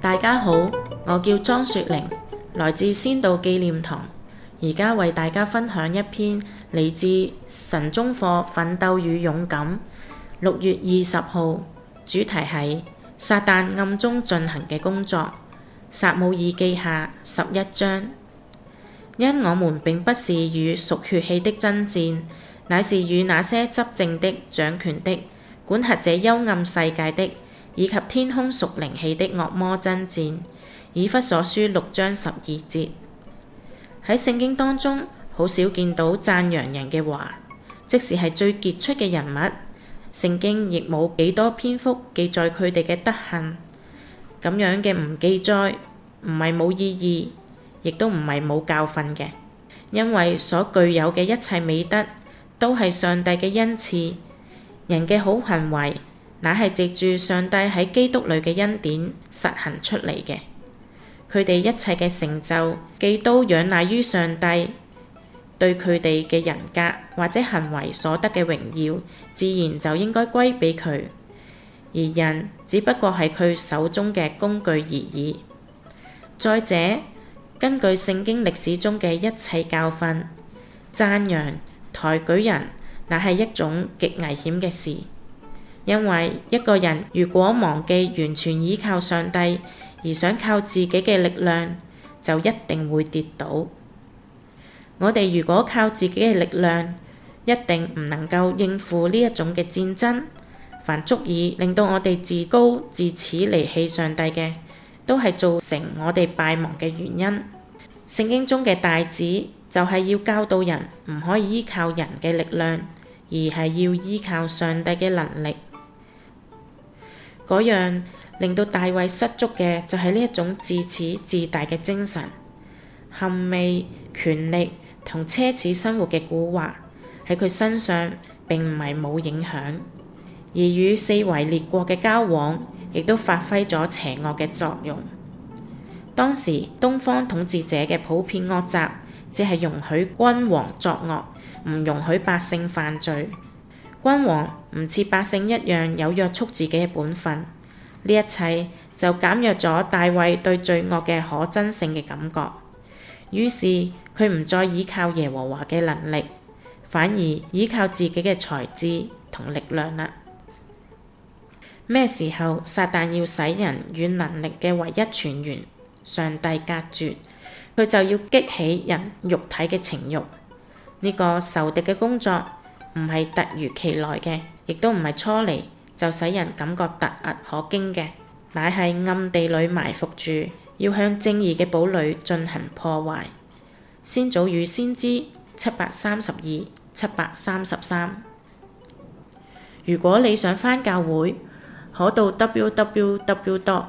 大家好，我叫莊雪玲，來自先道紀念堂，而家為大家分享一篇嚟自神中課《奮鬥與勇敢》六月二十號，主題係撒旦暗中進行嘅工作，撒母耳記下十一章。因我們並不是與屬血氣的爭戰，乃是與那些執政的、掌權的、管轄這幽暗世界的，以及天空屬靈氣的惡魔爭戰。以弗所書六章十二節。喺聖經當中，好少見到讚揚人嘅話，即使係最傑出嘅人物，聖經亦冇幾多篇幅記載佢哋嘅德行。咁樣嘅唔記載，唔係冇意義。亦都唔係冇教訓嘅，因為所具有嘅一切美德都係上帝嘅恩賜，人嘅好行為乃係藉住上帝喺基督裏嘅恩典實行出嚟嘅。佢哋一切嘅成就，既都仰賴於上帝，對佢哋嘅人格或者行為所得嘅榮耀，自然就應該歸畀佢，而人只不過係佢手中嘅工具而已。再者，根據聖經歷史中嘅一切教訓，讚揚抬舉人，那係一種極危險嘅事，因為一個人如果忘記完全依靠上帝，而想靠自己嘅力量，就一定會跌倒。我哋如果靠自己嘅力量，一定唔能夠應付呢一種嘅戰爭。凡足以令到我哋自高自恃，離棄上帝嘅，都係造成我哋敗亡嘅原因。聖經中嘅大旨就係要教導人唔可以依靠人嘅力量，而係要依靠上帝嘅能力。嗰樣令到大衛失足嘅就係呢一種自恃自大嘅精神，恨味權力同奢侈生活嘅誘惑喺佢身上並唔係冇影響，而與四圍列國嘅交往亦都發揮咗邪惡嘅作用。當時東方統治者嘅普遍惡習，只係容許君王作惡，唔容許百姓犯罪。君王唔似百姓一樣有約束自己嘅本分，呢一切就減弱咗大衛對罪惡嘅可憎性嘅感覺。於是佢唔再依靠耶和華嘅能力，反而依靠自己嘅才智同力量啦。咩時候撒但要使人與能力嘅唯一泉源上帝隔絕，佢就要激起人肉體嘅情慾。呢、這個仇敵嘅工作唔係突如其來嘅，亦都唔係初嚟就使人感覺突兀可驚嘅，乃係暗地裏埋伏住，要向正義嘅堡壘進行破壞。先祖與先知七百三十二、七百三十三。如果你想返教會，可到 w w w 多。